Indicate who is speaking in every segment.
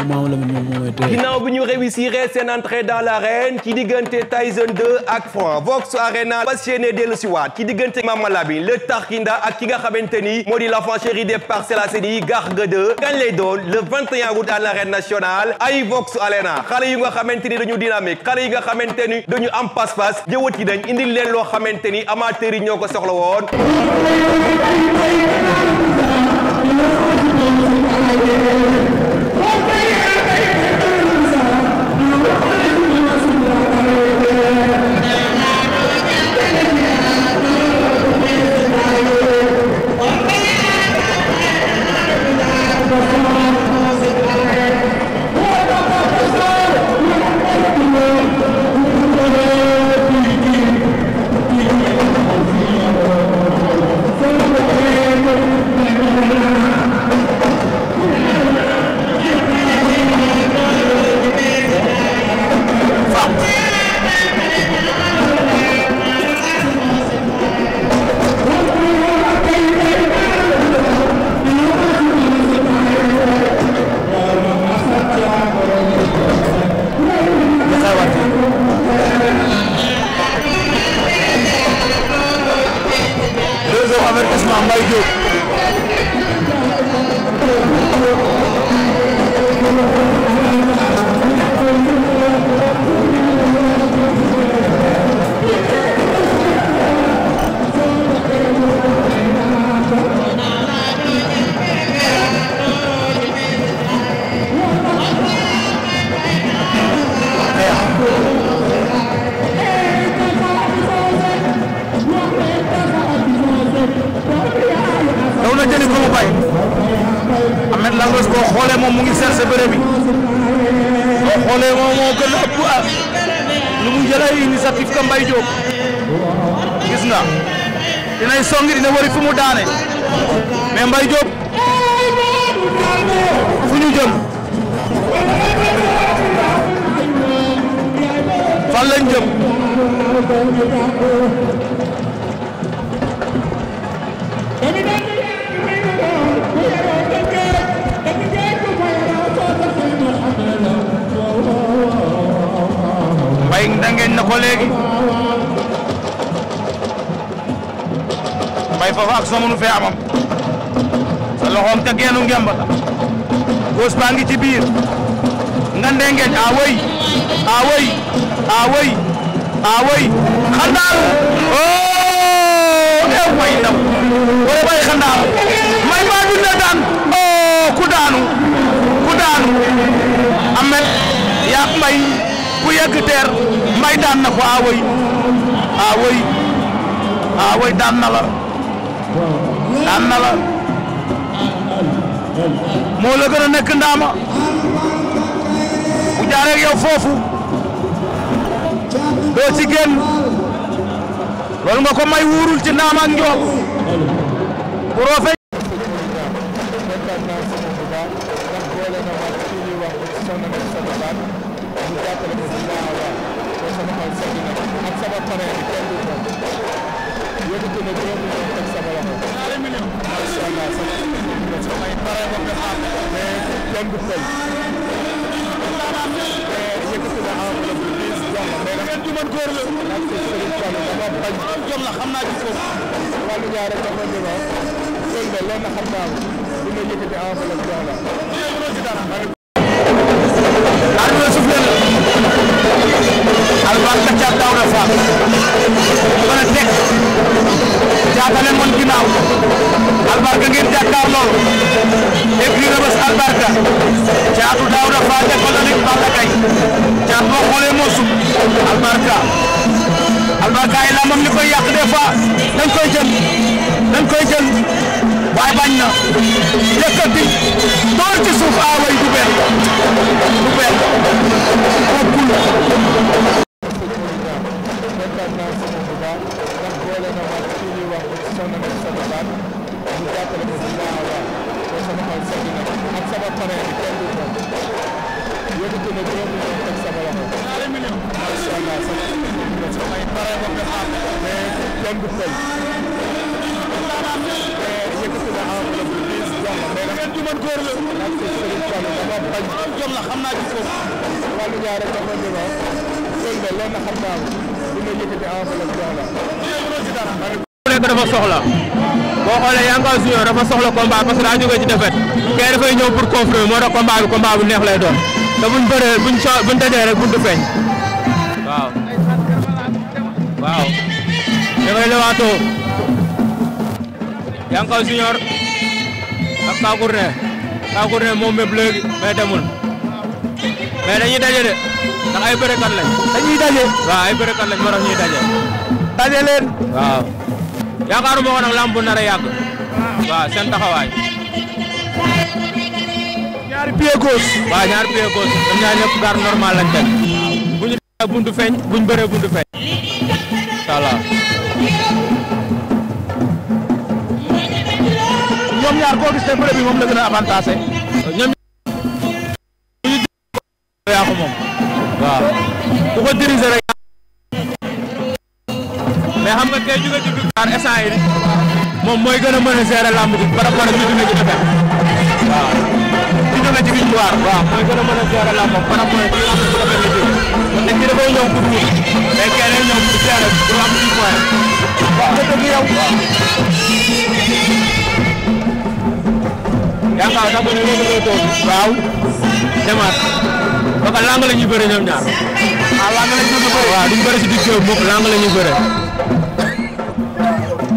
Speaker 1: ginnaaw
Speaker 2: bi ñu réussir seen entrée dans l'arène ci diggante Tyson 2 ak Franc Vox Arena passionné dellu si waat ci diggante Mamalabi le Tarkinda ak ki nga xamante ni moo di l'enfant chéri des Parcelles Assainies Garga 2 gañ lay doon le 21 août l'arène nationale ay Vox Arena xale yu nga xamante ni dañu dynamique xale yi nga xamante ni dañu am pas-pas jëwat yi nañ indil leen loo xamante ni amateurs yi ñoo ko soxla woon
Speaker 1: Ahmed Lagos boo xoolee moom mu ngi cherché bëre bi boo xoolee moom moo gën a ëpp ah lu mu jëlee initiative ka Mbaye Diop gis nga dinay songi dina wari mu daane mais Mbaye Diop fu ñu jëm
Speaker 3: fan lañ ko léegi
Speaker 1: mbay foofu ak somunu fee amam sa loxoom te geenu ngemba góos baa ngi ci biir ngande ngeej a oh, way a way a way a way
Speaker 3: xandaar oo oh, ku daanu ku daanu
Speaker 1: amet yaak mbay ku yegg teer daan na ko awoy ah, awoy ah, awoy ah, daan na la daan la moo gën a nekk ndaama bu jaaree ak foofu doo ci génn loolu nga ko may wuurul ci ndaama ak njool
Speaker 3: benn pël eh, yëkkati na enveloppe bi diis jox la mais nag du man góor la ndax si Serigne Fallou dafa bañ jom la xam naa ci foofu wàllu ñaare jox na ñu ma pël de loolu na xam naa dina yëkkati
Speaker 1: enveloppe jox la àdduna suuf leen albaat ka caat daaw na fa mën a teg jaatale mon ginnaaw albaat ka ngeen jàkkaar
Speaker 3: loolu écurie Rebeus Albarka Thiatou Daouda Fall école de lutte Balla Gaye Thiatou boo xoolee moo sub Albarka
Speaker 1: Albarka ay làmbam li koy yàq des fois dañ koy jël dañ koy jël waaye bañ
Speaker 3: na yëkkati door ci suuf aaway ah du benn du benn bokkul Thank you. sama xol sedd na ak sama parrain bi kenn du moom yëkkati na juróom million teg sama loxo. macha allah sama ay parrain ba nga xam mais kenn du fay. yëkkati na enveloppe bi diis jox ma mais nag du man góor la. ndax ci Serigne Fallou dama bañ. jom la xam naa ci foofu. wàllu ñaare dafa ni ma. loolu de loolu na xam naa
Speaker 1: ko. dina yëkkati enveloppe jox la. ba dafa boo xoolee Yankaw Junior dafa soxla combat parce que daa jógee ci défaite kay dafay ñëw pour confirmer moo tax combat bi combat bu neex lay doon te buñ bëree buñ so buñ dajee rek buntu feeñ
Speaker 3: waaw waaw
Speaker 1: dafay lewaatoo Yankaw Junior ak Kakourne Kakourne moom mépp léegi demul mais dañuy daje de ndax ay bërekat lañ dañuy daje waaw ay bërekat lañ moo tax daje daje leen waaw yaakaaruma ko bu nar a yàgg. waaw seen taxawaay. ñaari pied gauche. waaw ñaari pied gauche ñoom ñaar ñëpp gar normal lañ teg. bu ñu feeñ bu ñu feeñ. incha allah. ñoom ñaar koo gis ne bëre bi moom la gën a avantage. ñoom moom. waaw ku ko diriger xam nga tey ñu nga ci victoire instant yi moom mooy gën a mën a gérer lamb ji par rapport ak ñu dund ci defet waaw ñu dund ci victoire waaw mooy gën a mën a gérer lamb
Speaker 3: par rapport ak ñu am ci defet ji kon nag ki dafay ñëw pour ñu day kenn ñëw pour gérer pour am ci point waaw nga dëgg yow
Speaker 1: yaakaar sax ba ne loolu lay toog waaw demaat ba ka lang la ñuy bëre ñoom ñaar ah lang la ñuy bëre waaw duñ bëre si digg moom lang la ñuy bëre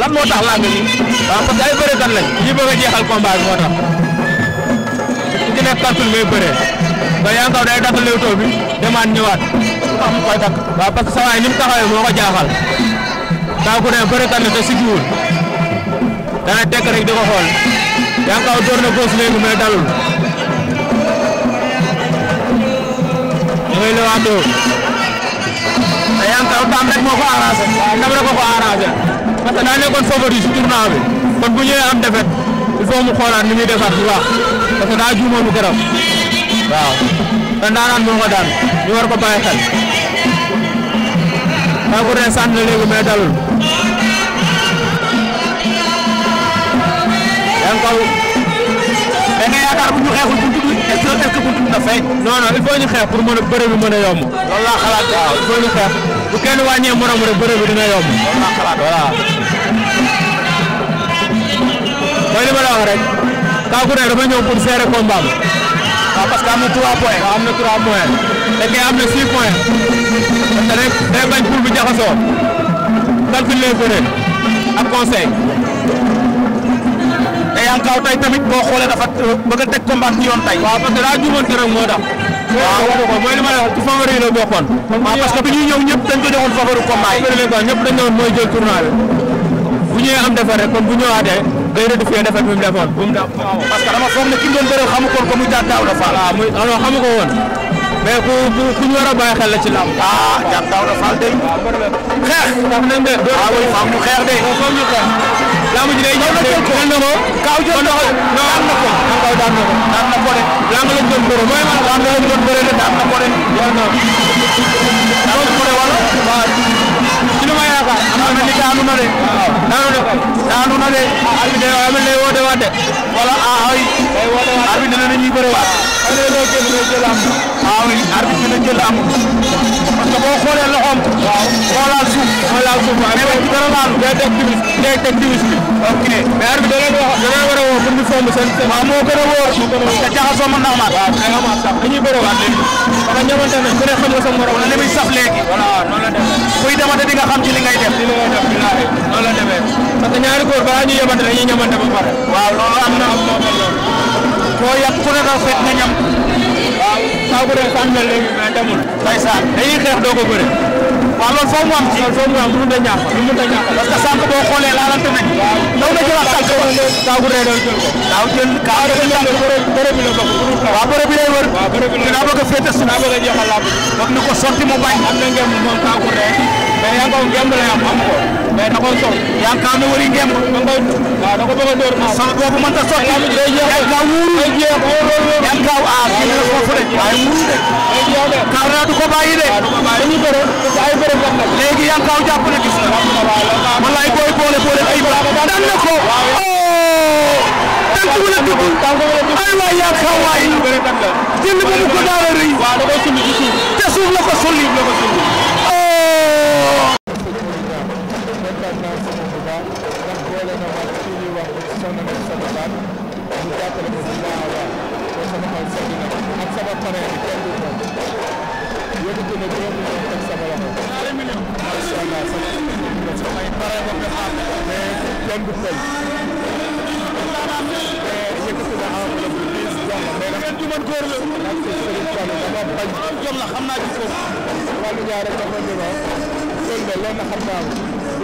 Speaker 1: lan moo tax làmb nii waaw parce que ay bërekat lañ ñi bëgg a jeexal combat bi moo tax ku ci nekk kàttul ngay bëree ba Yankaw day dakk léewtoo bi demaat ñëwaat am koy dakk waaw parce que sa waay ni mu taxawee moo ko jaaxal daa ko ne bërekat la te siggiwul dana na góos moo ko arrangé ndam rek moo ko arrangé parce que daa nekkoon favori si tournoi kon bu ñëwee am defet il faut mu xoolaat ni muy defaat bu baax parce que daa juumoon bu keroog waaw kon daanaan moo ko daan war ko bàyyi xel. ne sant na léegi dalul. yaa ko nga yaakaar bu ñu xeexul buntu bi est-ce que est-ce que buntu bi na fay. non non il faut ñu xeex pour mën a bëre bi mën a yomb. loolu laa xalaat waaw il faut ñu xeex bu kenn wàññee morom rek bëre bi dina yomb. loolu laa xalaat voilà. mooy li ma la wax rek. Kaw Gourdin dafa ñëw pour serrer combat bi. waaw parce que am na 3 points. waaw am na 3 points. da ngay am na 6 points. parce que rek day bañ pour bi jaxasoo. calcul lay bëre ak conseil. Yankaw tay tamit boo xoolee dafa bëgg a teg combat ci yoon tay waaw parce que daa juumante rek moo tax. waaw mooy li ma la wax ci favori la bokkoon. waaw parce que bi ñuy ñëw ñëpp dañ ko joxoon favori combat yi. ñëpp dañ ne woon mooy jël tournoi bi bu ñëwee am defar rek bu ñëwaatee day rectifier defar bi mu defoon mu def. waaw parce que dama ne ki doon bëre xamu ko woon ko muy daan daaw la ah ko woon. mais ku ku ku ñu war a bàyyi xel la ci lamb. ah Thiam Daouda Fall de. xeex. daf nañ de. waaw waaw faaw mu xeex de. waaw faaw ñu xeex. lamb ji day ñëw de mën na ko. kaaw jël na ko daan na ko. kaaw daan na ko daan na ko de. lamb lañ doon bëre mooy man lamb lañ doon bëre de daan na ko de. daan na ko de wala. waaw ci li ma yaakaar. am na ni daanu na de. waaw daanu na ko. daanu na de. ah Habib de waaye man day woote waat de. wala ah ay. day woote waat Habib dina ne ñuy bëre waat. waaw arbitre bi dañ jël am parce que boo xoolee loxoom. waaw moo laal suuf. moo laal suuf waaye mais ci dara laal day teg timis day teg timis bi. ok mais arbitre bi da leen wax da leen war a woo pour ñu fomm seen. waaw moo gën a wóor. moo gën a wóor te jaxasoo mën na amaat. waaw da nga amaat sax li ñuy bëriwaat léegi. parce que ñamante ne ku ne xam nga sa morom li muy saf léegi. voilà noonu la demee. kuy demate di nga xam ci li ngay def. li nga def bi laaj noonu la demee. parce que ñaari góor balaa ñuy yemante dañuy ñamante ba pare. waaw loolu am na am na koo yàq ku ne raw fekk nga ñam.
Speaker 3: waaw saa bu dee fan
Speaker 1: la léegi mais demul. ndeysaan dañuy xeex doo ko bëre. waaw loolu foo mu am ci. loolu foo mu a ñàkk mënut a ñàkk parce que sànq boo xoolee laalante ba. saa bu dee doon jël la a féete su. a jeexal mais yaa ngi ko ngemb la am am ko mais da koo sol. yaakaar na wari ngemb. da nga koy waaw da ko bëgg a door naa. sama boobu mënta sotti. day jeex day gaaw wuuru day jeex wóor-wóor. yan gaaw ah kii la foofu de. waaye wuuru de. day jeex de. kaw naa du ko bàyyi de. waaw du ko bàyyi dañuy bëre parce que ay bëre jot na. léegi yan gaaw jàpp na gis na. wallaay booy boole boole ay ba. daan na ko. tànk oh. wala dugg tànk wala dugg. aywa yaakaar waay jënd ba mu ko daal a rëy. waaw da
Speaker 3: koy sumb ci suuf. te suuf la ko président Serigne Touba ndax boole na ma kii ñuy wax soxna Ndeye Soxna Ba ñu jàppale ko bu baax a baax te sama xol sedd na ak sama pare bi kenn du ko yëkkati na juróom million teg sama loxo. macha allah sama pare ba nga xam mais kenn du ko yëkkati na enveloppe bi diis jox ma mais nag juman góor la parce que Serigne Touba dama bañ jom la xam naa ci foofu wàllu ñaar rek dafa ñëw loolu de loolu na xam naa ko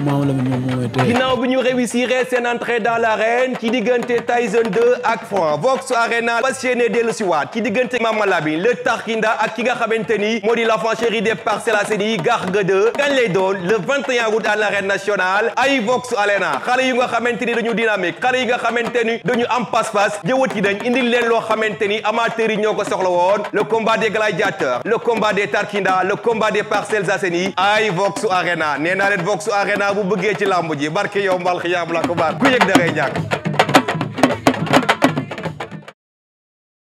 Speaker 1: Maama Lamine moom moo may téye.
Speaker 2: ginnaaw bi ñu réussir ci diggante Tyson 2 ak Franc Vox Arena le Tarkinda ak ki nga xamante ni moo di l'enfant chéri des Parcelles Assainies Garga 2 ay Vox Arena xale yu nga xamante ni dañu dynamique xale yi nga xamante ni dañu am pas-pas jëwat yi dañ indil leen loo xamante ni amateurs yi ñoo ko soxla le combat des gladiateurs le combat des Tarkinda le combat des Parcelles Assainies ay Vox Arena nee naa Vox Arena bu bëggee ci làmb ji barke yow mbal xiyaam la ko baat ku yëg da ngay ñàkk